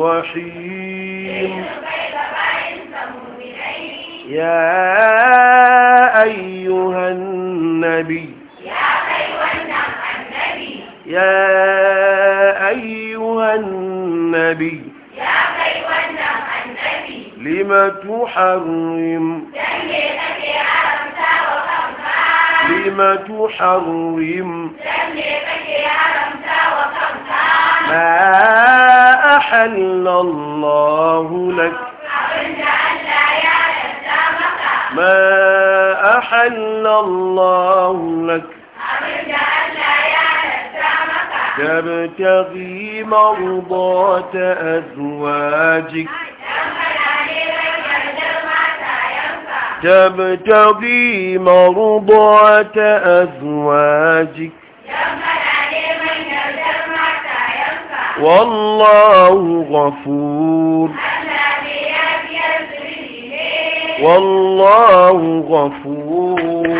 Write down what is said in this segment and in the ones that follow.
الرحيم يا أيها النبي يا أيها النبي يا لما تحرم لم تحرم أحل الله لك ما أحل الله لك تبتغي مرضات أزواجك تبتغي مرضات أزواجك والله غفور والله غفور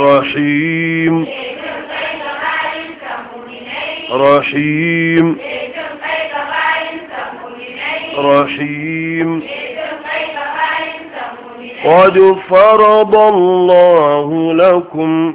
رحيم رحيم رحيم قد فرض الله لكم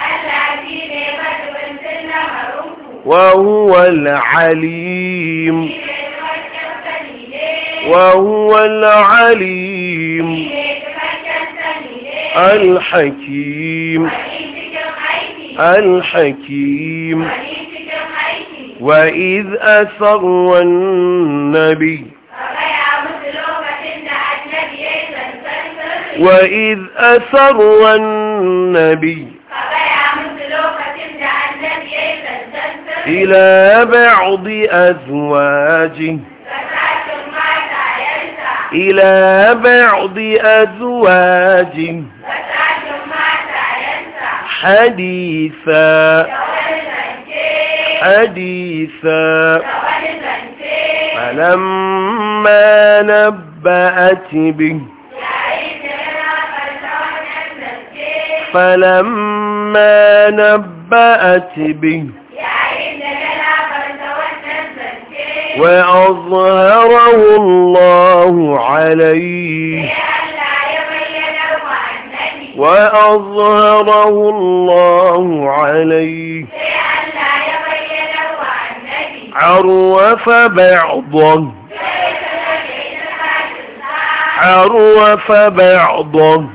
وهو العليم وهو العليم الحكيم الحكيم وإذ أسر النبي وإذ أسر النبي إلى بعض أزواجه إلى بعض أزواجه حديثا حديثا فلما نبأت به فلما نبأت به وأظهره الله عليه وأظهره الله عليه عرف بعضا عرف بعضا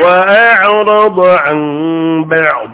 وأعرض عن بعض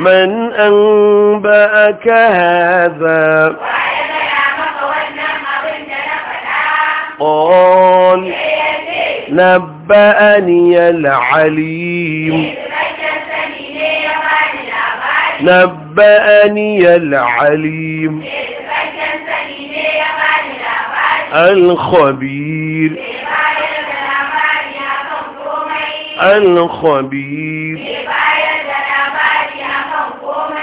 من أنبأك هذا قال نبأني العليم نبأني العليم الخبير الخبير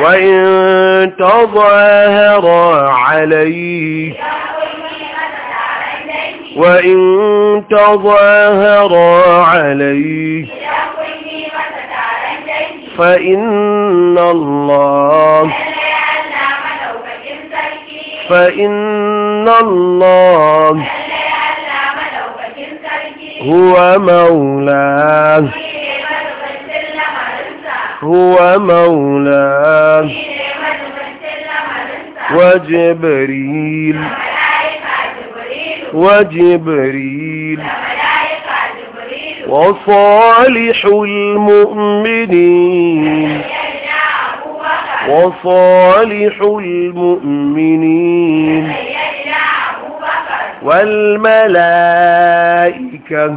وإن تظاهر عليه وإن تظاهر عليه فإن الله فإن الله هو مولاه هو مولاه وجبريل وجبريل وصالح المؤمنين وصالح المؤمنين والملائكة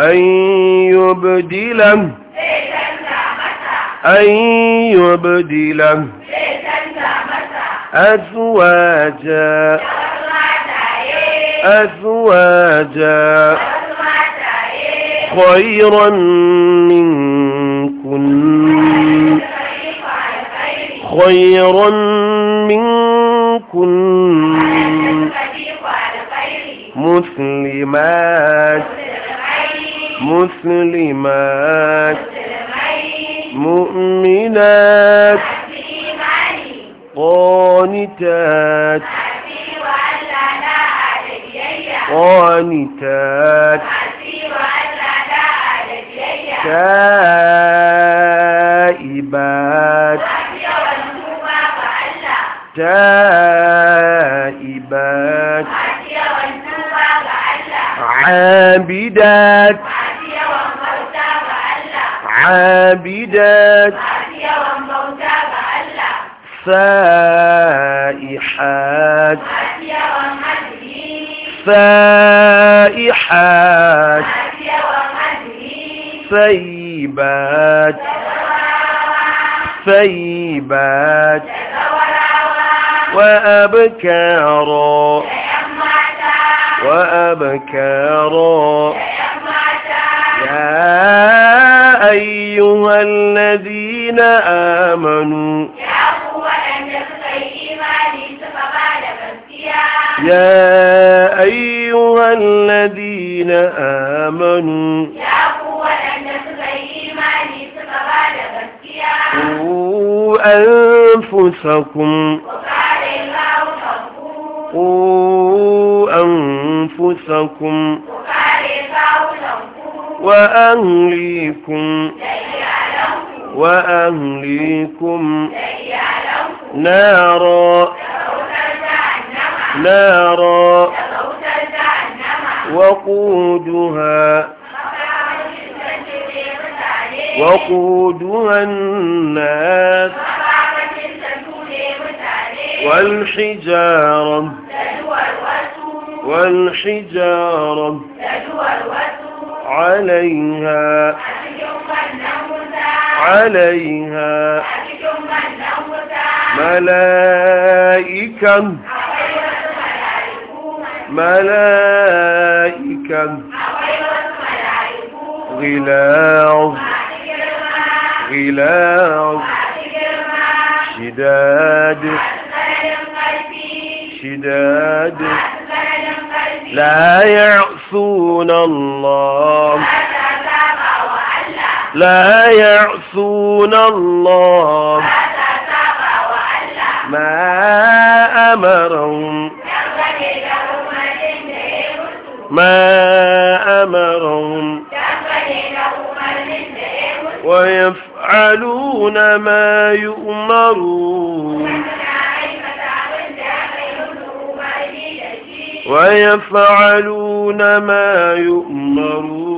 أن يبدله أن يبدله أزواجا أزواجا خيرا منكن خيرا منكن مسلمات مسلمات مؤمنات قانتات قانتات تائبات تائبات عابدات عابدات سائحات سائحات ثيبات ثيبات وأبكارا وأبكارا يا أيها الذين آمنوا يا أيها الذين آمنوا أنفسكم قوا أنفسكم وأهليكم وأهليكم نارا نارا وقودها وقودها الناس والحجارة والحجارة عليها عليها ملائكة ملائكة غلاظ غلاظ شداد شداد لا يعصون الله لا يعصون الله ما أمرهم ما أمرهم ويفعلون ما يؤمرون ويفعلون ما يؤمرون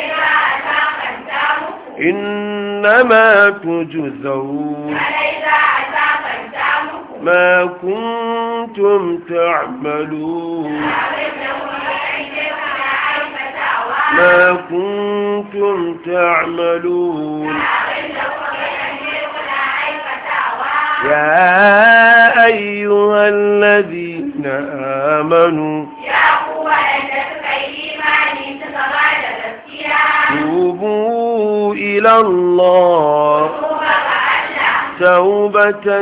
إنما تجزون ما كنتم تعملون ما كنتم تعملون يا أيها الذين آمنوا إلى الله توبة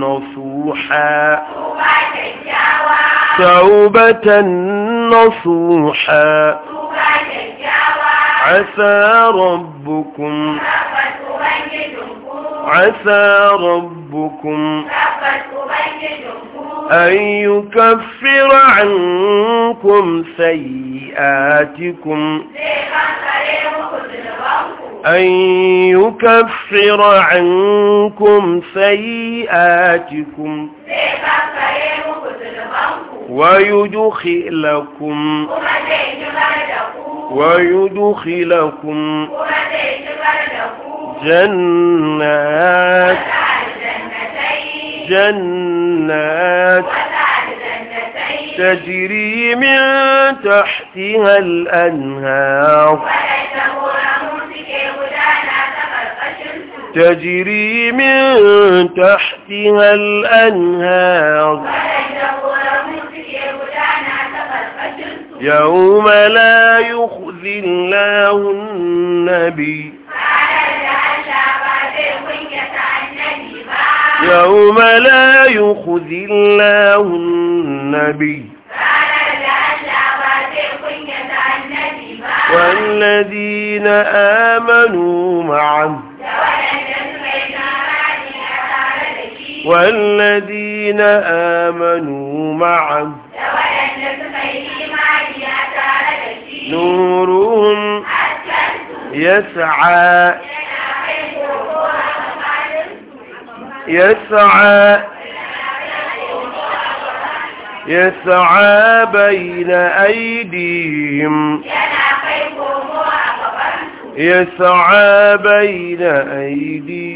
نصوحا توبة نصوحا عسى ربكم عسى ربكم أن يكفر عنكم سيئاتكم أن يكفر عنكم سيئاتكم ويدخلكم ويدخلكم جنات جنات تجري من تحتها الأنهار تجري من تحتها الأنهار يوم لا يخزي الله النبي يوم لا يخزي الله النبي والذين آمنوا معه والذين آمنوا معه نورهم يسعى يسعى يسعى بين أيديهم يسعى بين أيديهم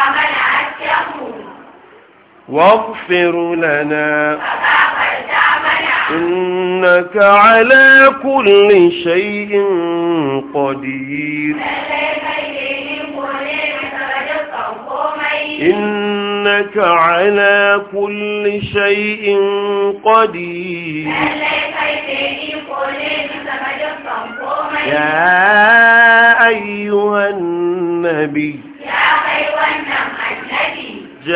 واغفر لنا إنك على كل شيء قدير إنك على كل شيء قدير يا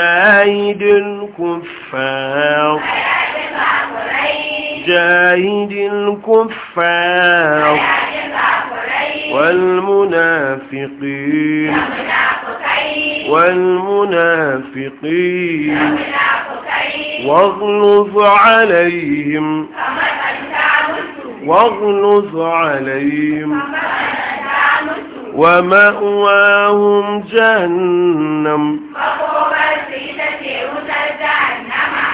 جاهد الكفار جاهد الكفار والمنافقين والمنافقين واغلظ عليهم واغلظ عليهم ومأواهم جهنم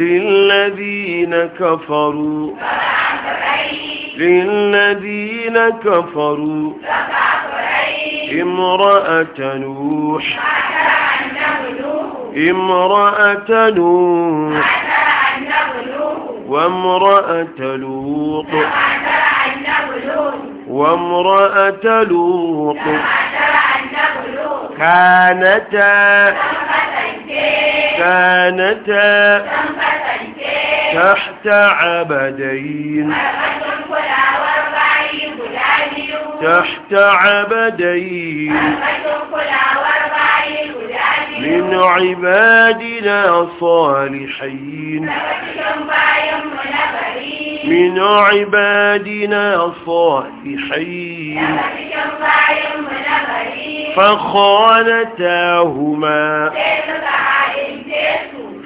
للذين كفروا للذين كفروا امرأة نوح امرأة نوح وامرأة لوط وامرأة لوط كانتا كانتا تحت عبدين تحت عبدين من عبادنا صالحين من عبادنا صالحين فخانتاهما فخانتاهما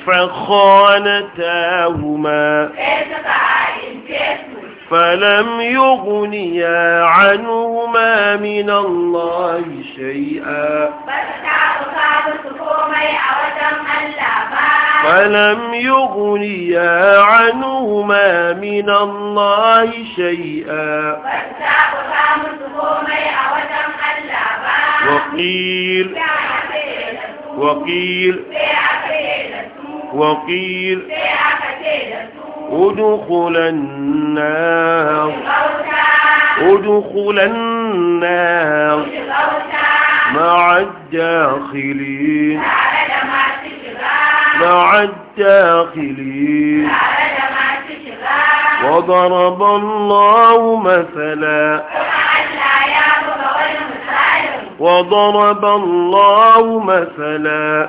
فخانتاهما فلم يغنيا عنهما من الله شيئا فلم يغنيا عنهما من الله شيئا وقيل وقيل وقيل ادخل النار ادخل النار مع الداخلين مع الداخلين وضرب الله مثلا وضرب الله مثلا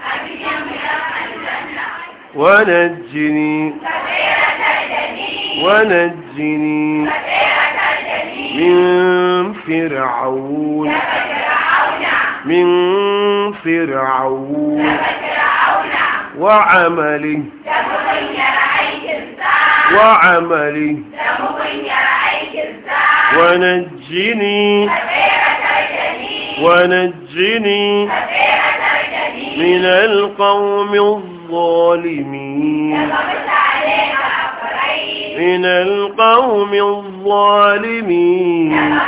ونجني ونجني من فرعون من فرعون وعملي وعملي ونجني ونجني من القوم الظالمين الظالمين من القوم الظالمين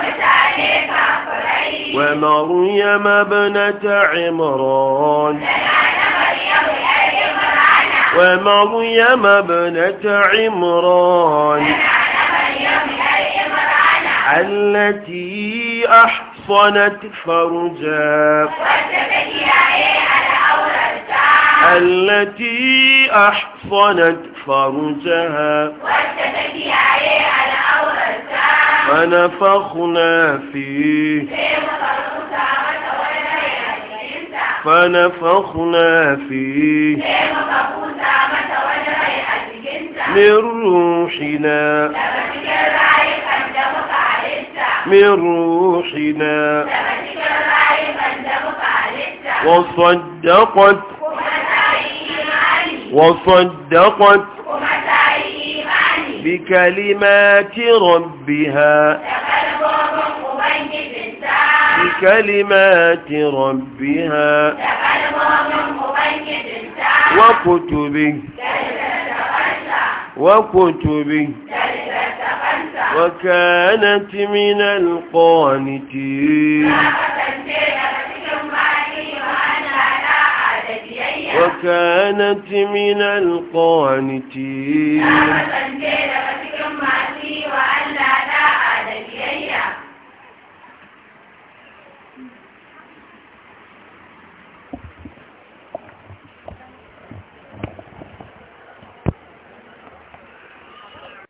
ومريم ابنة عمران ومريم ابنة عمران التي أحصنت فرجا التي أحصنت فرجها فنفخنا فيه فنفخنا فيه من روحنا من روحنا وصدقت وصدقت بكلمات ربها بكلمات ربها وكتبه وكتبه وكانت من القانتين وكانت من القانتين